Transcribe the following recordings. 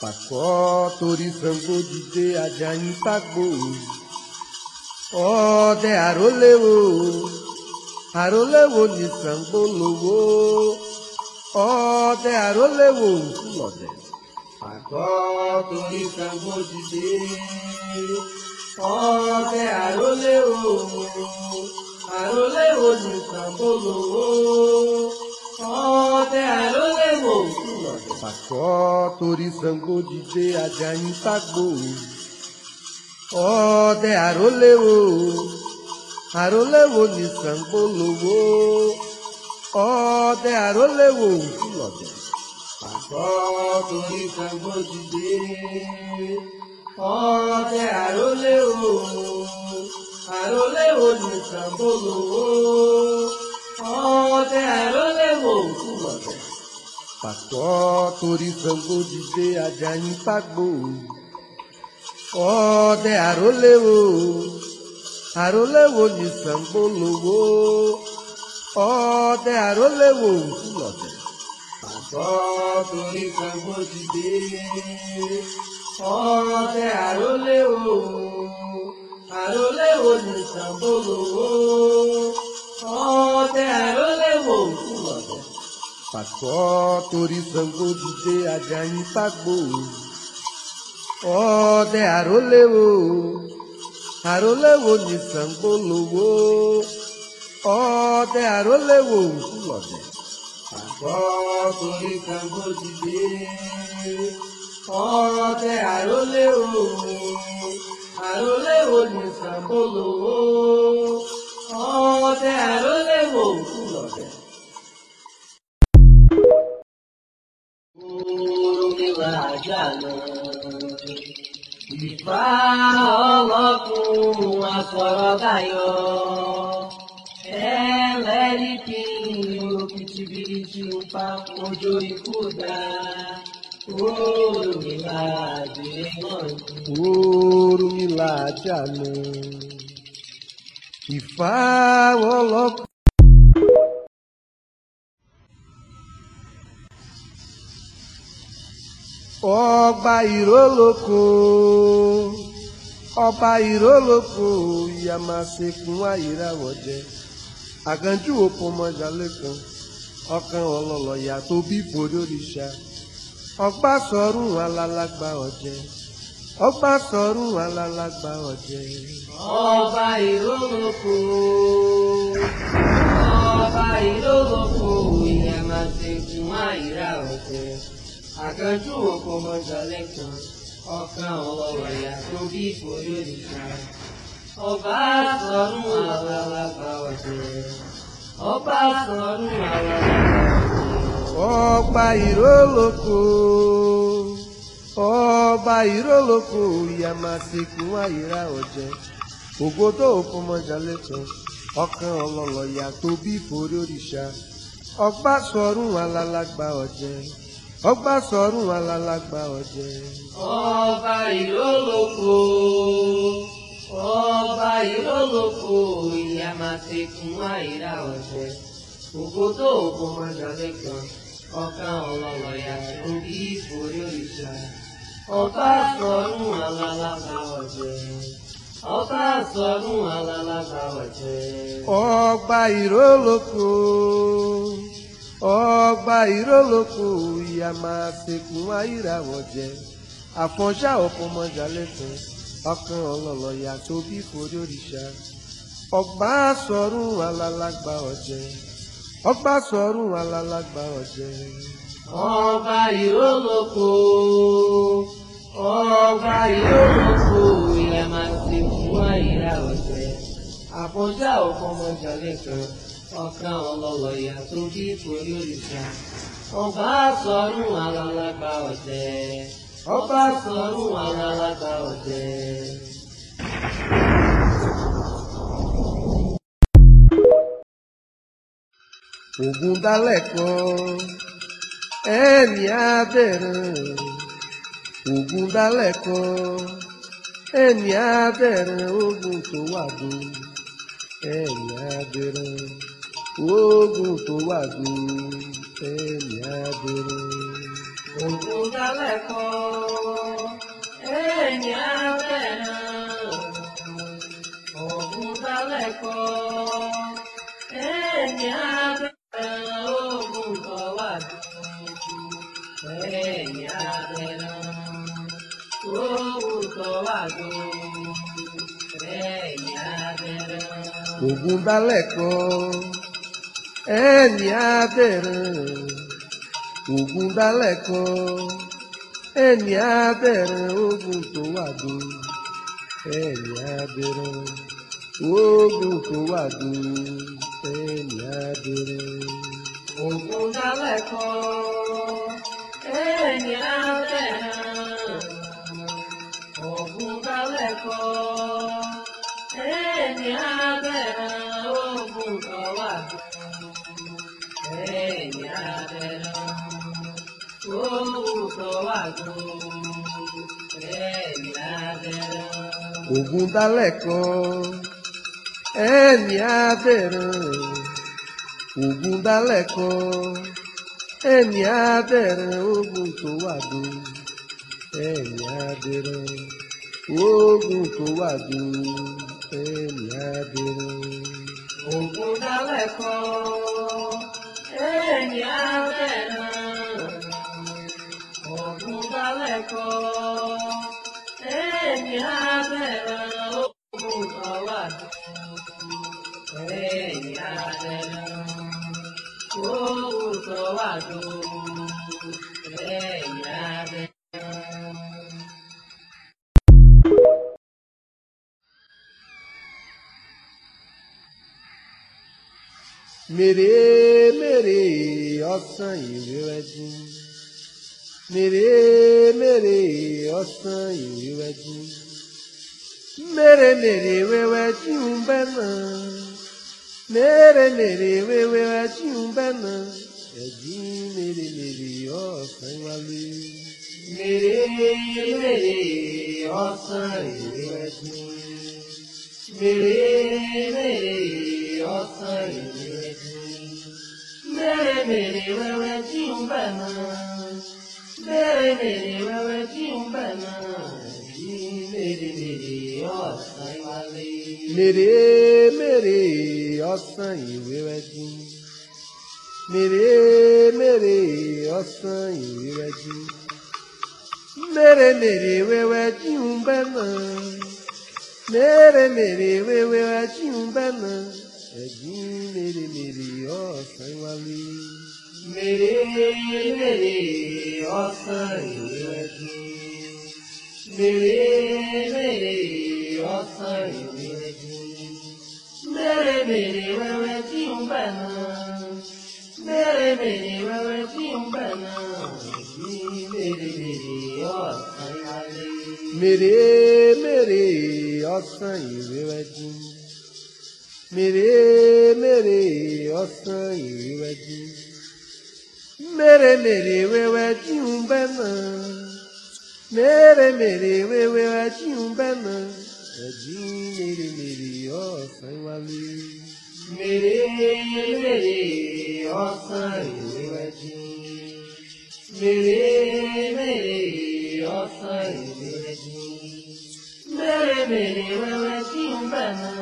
pàkọ́ torí Ṣàngó dìde Àjàyí pàgbò ọdẹ àrólẹ́wò àrólẹ́wò ní Ṣàngó lówó ọdẹ àrólẹ́wò òkú lọ́dẹ. pàkọ́ torí Ṣàngó dìde ọdẹ àrólẹ́wò àrólẹ́wò ní Ṣàngó lówó. Pàṣọ torí Ṣàngó dìde Àjàyí ságbó. Ọdẹ àrólẹ́wò, àrólẹ́wò ní Ṣàngó lówó. Ọdẹ àrólẹ́wò òkúlọ̀dẹ. Pàṣọ torí Ṣàngó dìde. Ọdẹ àrólẹ́wò, àrólẹ́wò ní Ṣàngó lówó ọ̀tẹ̀ ló lè wò fún ọ̀tẹ̀. pàtó torí Ṣàngó dìde Àjàyí pàgbò ọ̀tẹ̀ àrólẹ́wò àrólẹ́wò ni Ṣàngó lówó ọ̀tẹ̀ àrólẹ́wò fún ọ̀tẹ̀. pàtó torí Ṣàngó dìde ọ̀tẹ̀ àrólẹ́wò àrólẹ́wò ní Ṣàngó lówó ọ̀tẹ̀ ló lè wò fún ọ̀tẹ̀. pàṣọ torí Ṣàngó dìde Àjàyí fàgbò ọ̀tẹ̀ àrólẹ́wò àrólẹ́wò ní Ṣàngó lówó ọ̀tẹ̀ àrólẹ́wò fún ọ̀tẹ̀. pàṣọ torí Ṣàngó dìde ọ̀tẹ̀ àrólẹ́wò àrólẹ́wò ní Ṣàngó lówó ọ̀ọ́dẹ àrólẹ́wò òkú lọ́dẹ. Oorun wa àjà lọ. Ìfá ọlọ́kùn àfọ̀rọ̀báyọ̀. Ẹlẹ́rìí kí òkìtì bíríjì ń pa ojú ikú dá. mi là àjẹ́ náà. Ifa wolok. Ọba ìrólókò ọba ìrólókò ìyá máa sekun àyíráwọ̀ jẹ. Àkànjú òpó mọ́jà lẹ́kan ọkàn ọlọ́lọ́ yàtọ̀ bí bòdòrìṣà. Ọgbà sọ̀rùn alálàgbà ọba tọrú alalagba ọjẹ. ọba ìrókò ọba ìrókò ìyàmàtẹkùn àìrà ọjẹ àkànjú òkò mọjọlẹ kan ọkàn ọwọ ìyá tó bí ìfòyó nìkan. ọba tọrú alalagba ọjẹ. ọba tọrú alalagba ọjẹ. ọba ìrókò ọba ìrólókò ìyàmàsìkú àyíra ọ̀jẹ̀ ògbódò òfòmọjàlẹ́tọ̀ ọkàn ọlọ́lọ́yà tó bí forí òrìṣà ọgbà sọ̀rùn alálàgbà ọ̀jẹ̀ ọgbà sọ̀rùn alálàgbà ọ̀jẹ̀. ọba ìrólókò ọba ìrólókò ìyàmàsìkú àyíra ọ̀jẹ̀ ògbódò òfòmọjàlẹ́tọ̀ ọkàn ọlọ́lọ́yà tó bí forí òrìṣà ọba sọ̀rùn alálàgbà ọ̀jẹ̀. ọba sọ̀rùn alálàgbà ọ̀jẹ̀. ọgbà ìrólókò ọgbà ìrólókò ìyá máa sekun ayírawọ̀ jẹ àfọ̀nṣá ọ̀fọ̀mọjà lẹ́sìn ọkàn ọlọ́lọ́yà tó bí forí òrìṣà ọgbà sọ̀rùn alálàgbà ọ̀jẹ̀ ọgbà sọ̀rùn alálàgbà ọ̀jẹ̀. ọba ìrólókò ọba ìlórúkọ ìlà máa ti fún àyíká ọ̀sẹ̀ àfọ̀njá ọ̀fọ̀mọjà lẹ́kan ọ̀kan ọlọ́lọ́yà tó bí ìkórè òrìṣà ọba sọ̀rùn alálàgbà ọ̀sẹ̀ ọba sọ̀rùn alálàgbà ọ̀sẹ̀. Ògùn dálẹ̀ kan ẹ̀ẹ́nì abẹ́rẹ́ ogun dálẹ̀ kan ẹni abẹ́rẹ́ ogun tó wà dùn ẹni abẹ́rẹ́ ogun tó wà dùn ẹni abẹ́rẹ́. ogun dálẹ̀ kan ẹni abẹ́rẹ́ ogun dálẹ̀ ẹni abẹ́rẹ́. ògùn balẹ̀ kan ẹni abẹ́rẹ́ ògùn balẹ̀ kan ẹni abẹ́rẹ́ ògùn tó wà dó ẹni abẹ́rẹ́ ògùn tó wà dó ẹni abẹ́rẹ́. ògùn balẹ̀ ògùn dálẹ̀ kan ẹ̀ẹ́nì àbẹ̀rẹ̀ ògùn dálẹ̀ kan ẹ̀ẹ́nì àbẹ̀rẹ̀ ògùn tó wà dó ẹ̀ẹ́nì àbẹ̀rẹ̀ ògùn tó wà dó ẹ̀ẹ́nì àbẹ̀rẹ̀. ògùn dálẹ̀ kan ẹ̀ẹ́nì àbẹ̀rẹ̀ ògùn Mere mere rẹ̀. mèrè mèrè mere mere mèrè mèrè ọ̀sán mere mere mèrè wẹ́wẹ́ tí ń bẹ́ náà mèrè mèrè wẹ́wẹ́ tí ń bẹ́ náà ẹ̀jú mèrè mèrè ọ̀sán wálé. mèrè mèrè ọ̀sán ìwé ẹ̀jú. mèrè mèrè ọ̀sán ìwé ẹ̀jú. mèrè mèrè wẹ́wẹ́ tí ń bẹ̀ náà. mèrè mèrè wẹ́wẹ́ tí ń bẹ̀ náà. mere mèrè ọ̀sán wálé. mèrè mèrè ọ̀sán ìwé ẹ̀jú mèrè mèrè ọ̀sán ìrẹ́jú mèrè mèrè wẹ́wẹ́ tí ń bẹ́ náà mèrè mèrè wẹ́wẹ́ tí ń bẹ́ náà ẹ̀gbìn mèrè mèrè ọ̀sán wálé. mèrè mèrè ọ̀sán ìrẹ́jú mèrè mèrè ọ̀sán ìrẹ́jú mèrè mèrè wẹ́wẹ́ tí ń bẹ́ náà. Bèrè bèrè wẹ́wẹ́ tí ń bẹ̀ náà ní bèrè bèrè ọ̀sán alẹ́. Mèrè mèrè ọ̀sán ìrẹ́wẹ́jú. Mèrè mèrè ọ̀sán ìrẹ́wẹ́jú. Mèrè mèrè wẹ́wẹ́ tí ń bẹ̀ náà. Mèrè mèrè मेरे मेरे औसन वजी मेरे मेरे औसन वजी मेरे मेरे बाबा की बना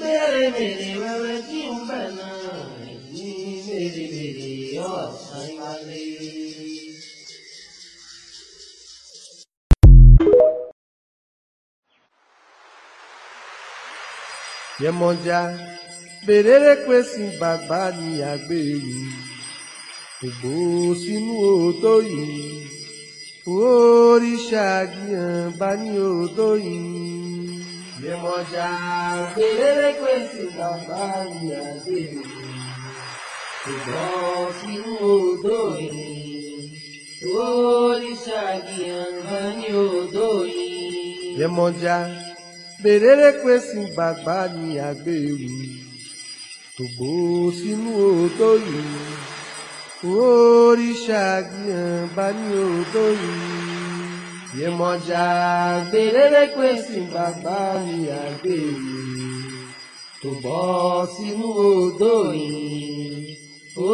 मेरे मेरे बाबा की बना मेरे मेरे औसन वाले Yemọja bèrèrè pé sin bàbá ni àgbèrè ògbó sínú òótọ́ yìí òrìṣà gbìyàn bá ní òótọ́ yìí. Yemọja bèrèrè pé sin bàbá ni àgbèrè ògbó sínú òótọ́ yìí òrìṣà gbìyàn bá ní òótọ́ yìí. Yemọja bèrèrè pé sin bàbá ni àgbèrú tògbó sínú òótọ́ yìí oríṣà gbìyàn bá ní òótọ́ yìí yèmọ̀jà bèrèrè pé sin bàbá ni àgbèrú tògbó sínú òótọ́ yìí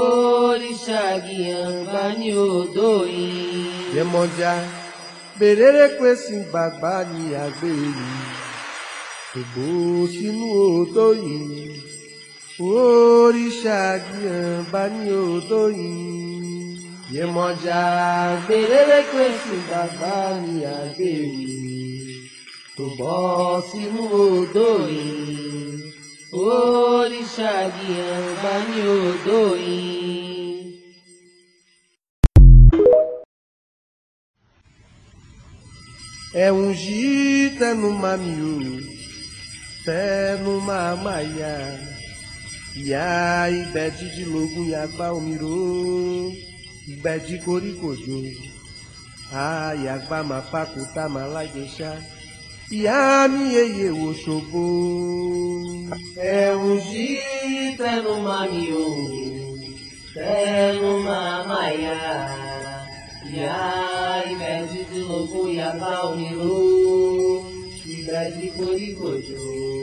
oríṣà gbìyàn bá ní òótọ́ yìí yèmọ̀jà bèrèrè pé sin bàbá ni àgbèrú ògbó sínú òótó yìí oríṣà gbìyàn bá ní òótó yìí yèmọ̀jà gbèrèrèkè sí bàbá mi àgbèrè tó bọ́ sínú òótó yìí oríṣà gbìyàn bá ní òótó yìí. ẹ̀wùn yìí tẹnu mami o. Tenu mamaya Ia ibedi de logo yagba omiro Ibedi korikojo Ah, yagba mapakuta malagesha Ia mi eye oshobo É ungi tenu mamio Tenu mamaya Ia ibedi de logo yagba omiro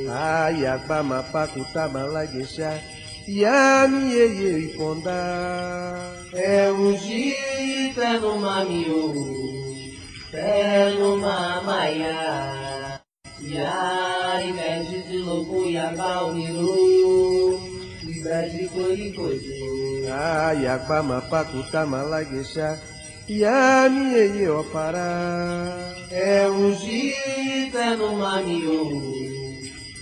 aya gbama pakuta malagesha yami yeye ifonda. ẹ̀rù sí tẹnu máa mi ò tẹnu máa má yá ìyá ìgbà títí ló kó yàgbá omi ló ìgbà tí koríko jù. aya gbama pakuta malagesha. E a minha é e eu parar é um ungida no maniu,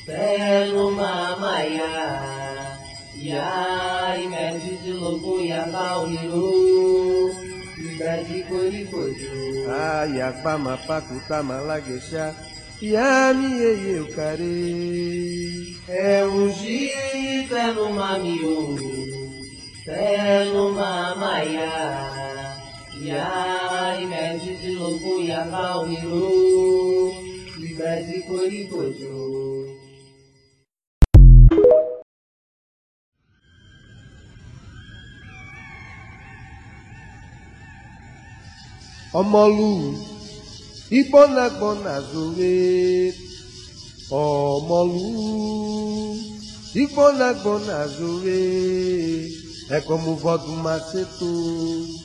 pé no mamaiá, e a imerge de lobo e a bauriru, idade coricojo. Ai, a fama pacuta malaguexá, e a minha e eu carei é um ungida no maniu, pé no maia Ìyá ilẹ̀ títí lóko yàrá omi ró, ìgbà tí koríko jò. ọmọlú igbọnagbọna zore ọmọlú igbọnagbọna zore ẹkọmuvọdùnmáṣètò. E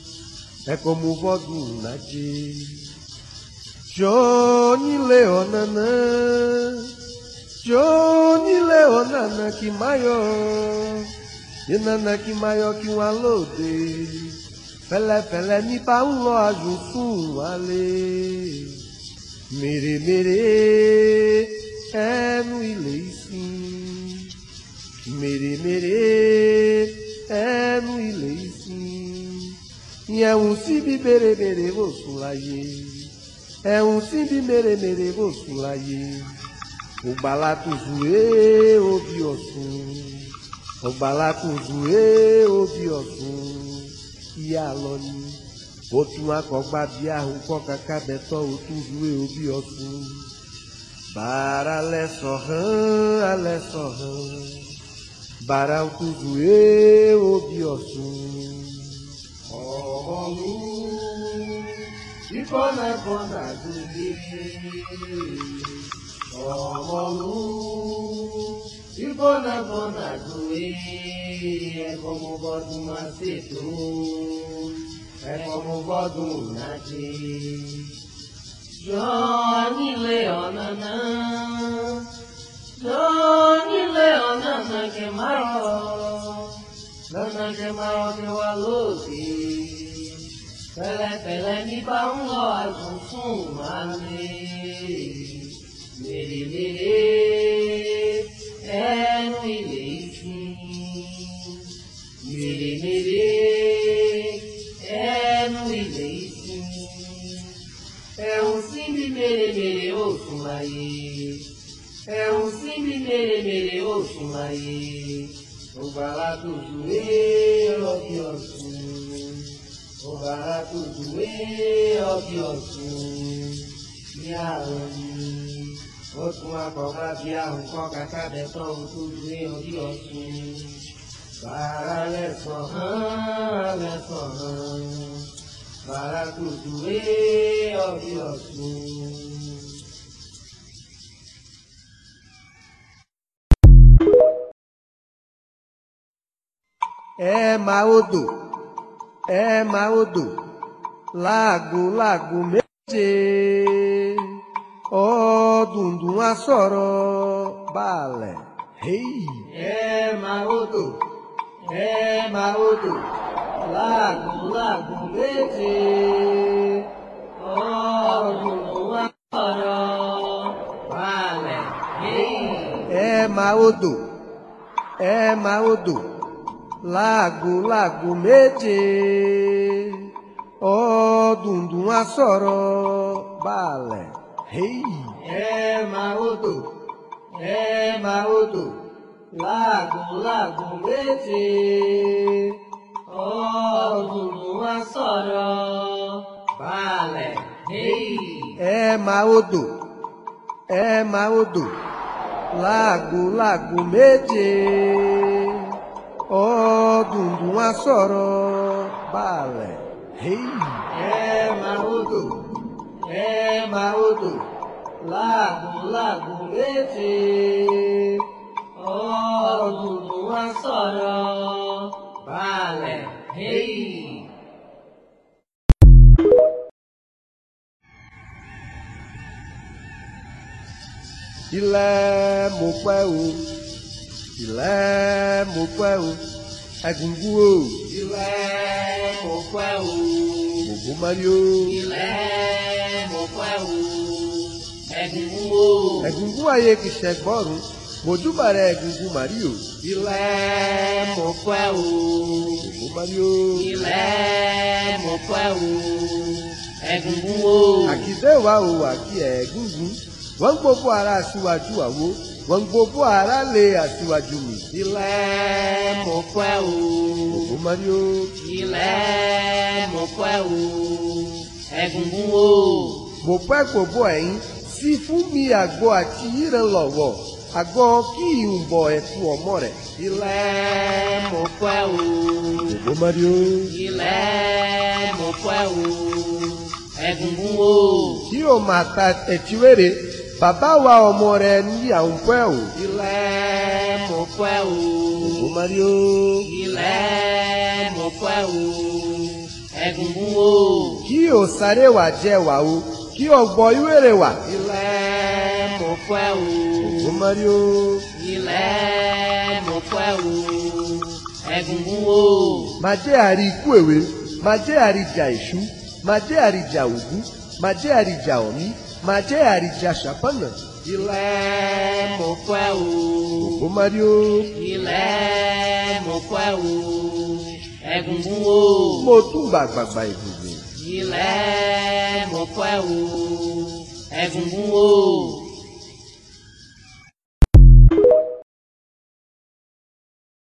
é como Voguna diz. Johnny Leonanã, Johnny Leonanã que maior, e nana que maior que um alode. Pelé, Pelé, me pá um lojo, um ale. Mere, mere, é no sim, Mere, mere, é no sim. E é um simbi mere mere gosulaye. É um simbi mere mere gosulaye. O balato zoe o biosu. O balato zoe o biosu. E a loni. O tua cogba coca cabeça o tu zoe o biosu. Para le sorran, a Para o tu zoe o biosu. ọ̀hún. Ìfọ̀nà kan dàgbòde ọ̀hún. Ìfọ̀nà kan dàgbòde ẹ̀kọ́ mo gbọ́dún máa ṣètò. Ẹ̀kọ́ mo gbọ́dún náà ṣe. Yọ nílé ọ̀nà náà. Yọ nílé ọ̀nà náà kẹ̀ máa rọ̀. Lọ́nà kẹ̀ máa rọ̀ kẹ̀ wá lóòsì. Pele pele me bango akusumane. Mere mere enu ile isi. Mere mere é ile isi. Ẹ̀hún sí mi mere mere ó sùn láyé. Ẹ̀hún sí mi mere mere ó sùn o Ògbàlá do dùn é lọ́bí ọ̀sùn. to the way of your soul. ó tún akọ̀gbá bí àrùn kan kàkà bẹ̀ tán ó tó the Bàrà lẹ́sàn án lẹ́sàn án. Bàrà to the way of your soul. É Emaodo láago láago méje ọ̀ọ́dùndùn asọ̀rọ̀ balẹ̀. Emaodo Emaodo láago láago méje ọ̀ọ́dùndùn asọ̀rọ̀ balẹ̀. Emaodo Emaodo. Lago, lago medê, ó oh, a assoró, balé, rei. É Maudu é Maudu lago, lago medê, ó oh, a assoró, balé, rei. É Maudu é Maudu lago, lago medê. Odùndùn á sọ̀rọ̀ balẹ̀. Ẹ máa odò, é máa odò, Lago, láàgùn létí. Odùndùn á sọ̀rọ̀ balẹ̀. Ilẹ̀ mo pẹ́ o ilẹ̀ mo fẹ́ o ẹ̀gúngún o ilẹ̀ mo fẹ́ o gbogbo mari o ilẹ̀ mo fẹ́ o ẹ̀gúngún o ẹ̀gúngún ayé kì í ṣe gbọ́rùn mojúbà rẹ ẹ̀gúngún mari o ilẹ̀ mo fẹ́ o gbogbo mari o ilẹ̀ mo fẹ́ o ẹ̀gúngún o àkìdé wa o àkì ẹ̀gúngún wọ́n gbogbo ara síwájú àwo wọn gbogbo ara lè aṣíwájú mi. ilẹ̀ mo fẹ́ o. òkú mari o. ilẹ̀ mo fẹ́ o. ẹ̀gúngún o. mo fẹ́ gbogbo ẹ̀yin sí fún mi àgbo àti yíran lọ́wọ́ àgọ́ kí ìhùnbọ̀ ẹ̀fún ọmọ rẹ̀. ilẹ̀ mo fẹ́ o. òkú mari o. ilẹ̀ mo fẹ́ o. ẹ̀gúngún o. tí o máa ta ẹ̀tíwèrè. Bàbá wa ọmọ rẹ ní à ń fẹ́ o. Ilẹ̀ mo fẹ́ o. Ògùn Mario. Ilẹ̀ mo fẹ́ o. Ẹ̀gúngún o. Kí òsàrè wà jẹ́ wà o. Kí ọ̀gbọ̀ ìwéré wà. Ilẹ̀ mo fẹ́ o. Ògùn Mario. Ilẹ̀ mo fẹ́ o. Ẹ̀gúngún o. Màjẹ́ àrí ikú èwe. Màjẹ́ àrí ìjà èṣú. Màjẹ́ àrí ìjà ògún. Màjẹ́ àrí ìjà ọ̀mí. Majeyari Jashapana. Ilẹ̀ mo fẹ́ o. Òpó Mario. Ilẹ̀ mo fẹ́ o. Ẹ̀gúngún o. Mo tún bá gbàgbà ìgbìgbì. Ilẹ̀ mo fẹ́ o. Ẹ̀gúngún o.